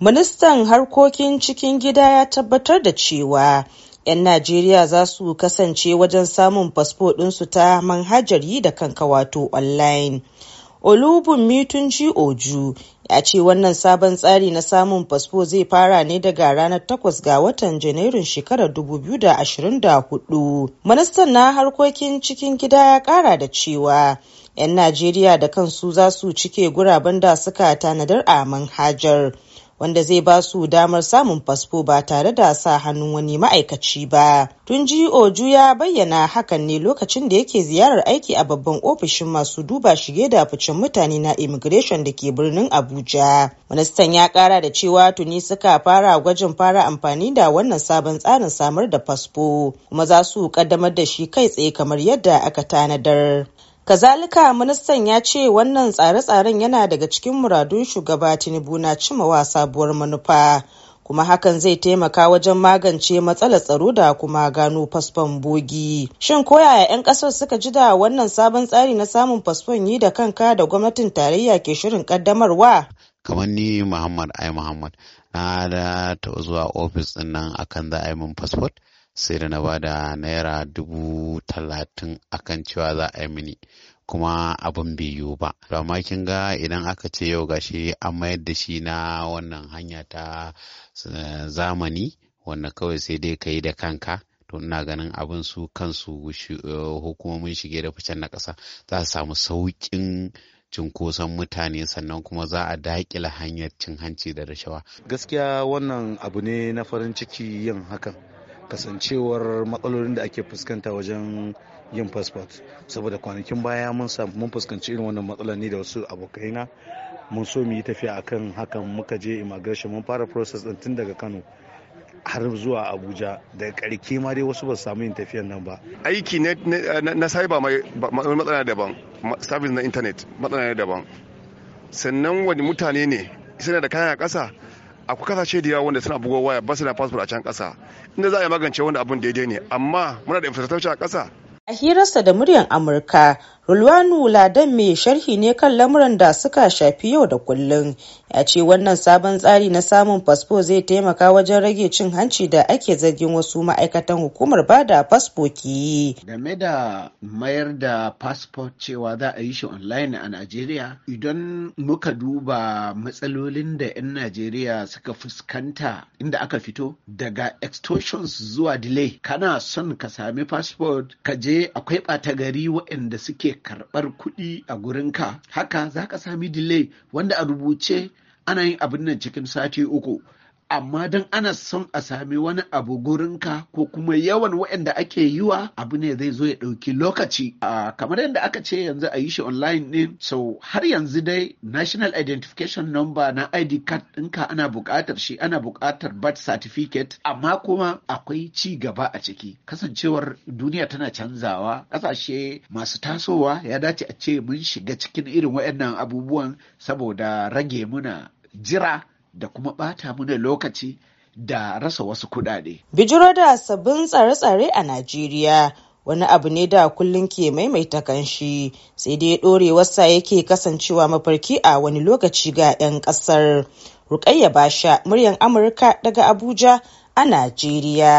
ministan harkokin cikin gida ya tabbatar da cewa 'yan najeriya za su kasance wajen samun fasfo ɗinsu ta manhajar yi da kanka wato online olubunmi tunji oju ya ce wannan sabon tsari na samun fasfo zai fara ne daga ranar 8 ga watan janairun shekarar 2024 ministan na harkokin cikin gida ya kara da cewa 'yan najeriya da kansu za su cike guraben da suka tanadar a manhajar wanda zai ba su damar samun fasfo ba tare da sa hannun wani ma'aikaci ba. Tun ji Oju ya bayyana hakan ne lokacin da yake ziyarar aiki a babban ofishin masu duba shige da ficen mutane na immigration da ke birnin Abuja. Ministan ya kara da cewa tuni suka fara gwajin fara amfani da wannan sabon tsarin samar da fasfo kuma za su kaddamar da shi kai tsaye kamar yadda aka tanadar. Kazalika ministan ya ce wannan tsare-tsaren yana daga cikin muradun shugaba Tinubu na cimawa sabuwar manufa. kuma hakan zai taimaka wajen magance matsalar tsaro da kuma gano fasfon bogi. Shin koyaya 'yan kasar suka ji da wannan sabon tsari na samun fasfon yi da kanka da gwamnatin tarayya ke shirin kaddamarwa? Kamar ni Muhammad Ai Muhammad na da ta zuwa ofis din nan akan za a yi min fasfot sai da na bada naira dubu talatin akan cewa za a yi mini kuma abin bai yiwu ba amma kin ga idan aka ce yau gashi an mayar da shi na wannan hanya ta eh, zamani wanda kawai sai dai ka yi da kanka to ina ganin abin su kansu eh, hukumomin shige da ficen na ƙasa za su samu sauƙin cunkoson mutane sannan kuma za a daƙila hanyar cin hanci da rashawa gaskiya wannan abu ne na farin ciki yin hakan kasancewar matsalolin da ake fuskanta wajen yin fasfot saboda kwanakin baya mun mun fuskanci irin wannan matsalar ne da wasu abokaina mun so mu yi tafiya akan hakan muka je immigration mun fara process din tun daga Kano har zuwa abuja daga karke ma dai wasu ba su samu yin tafiyan nan ba aiki na cyber mai matsala daban service na internet matsala daban sannan wani mutane ne suna da kayan a ƙasa akwai kasashe da yawa wanda suna bugo waya ba su da fasfur a can kasa inda za a yi magance wani abun daidai ne amma muna da infrastructure a kasa a hirarsa da muryar amurka Rulwanu Ladan mai sharhi ne kan lamuran da suka shafi yau da kullum ya ce wannan sabon tsari na samun fasfo zai taimaka wajen rage cin hanci da ake zargin wasu ma'aikatan hukumar ba da fasfo ki Game da mayar da fasfo cewa za a yi shi online a Najeriya idan muka duba matsalolin da 'yan Najeriya suka fuskanta inda aka fito daga extortions zuwa delay kana son ka sami fasfo ka je akwai ɓata gari waɗanda suke karɓar kuɗi a gurinka haka za ka sami delay wanda a rubuce ana yin abin nan cikin sati uku amma don ana son a sami wani abu gurinka ko kuma yawan waɗanda ake yi wa abu ne zai zo ya ɗauki lokaci a kamar yadda aka ce yanzu a yi shi online ɗin so har yanzu dai national identification number na id card ɗinka ana buƙatar shi ana buƙatar birth certificate amma kuma akwai ci gaba a ciki kasancewar duniya tana canzawa ƙasashe masu tasowa ya dace a ce mun shiga cikin irin waɗannan abubuwan saboda rage muna jira da kuma bata mana lokaci da rasa wasu kuɗaɗe. Bijiro da sabbin tsare-tsare a Najeriya wani abu ne da kullum ke maimaita kanshi sai dai wasa yake kasancewa mafarki a wani lokaci ga 'yan ƙasar. Rukayya Basha, muryan Amurka daga Abuja a Najeriya.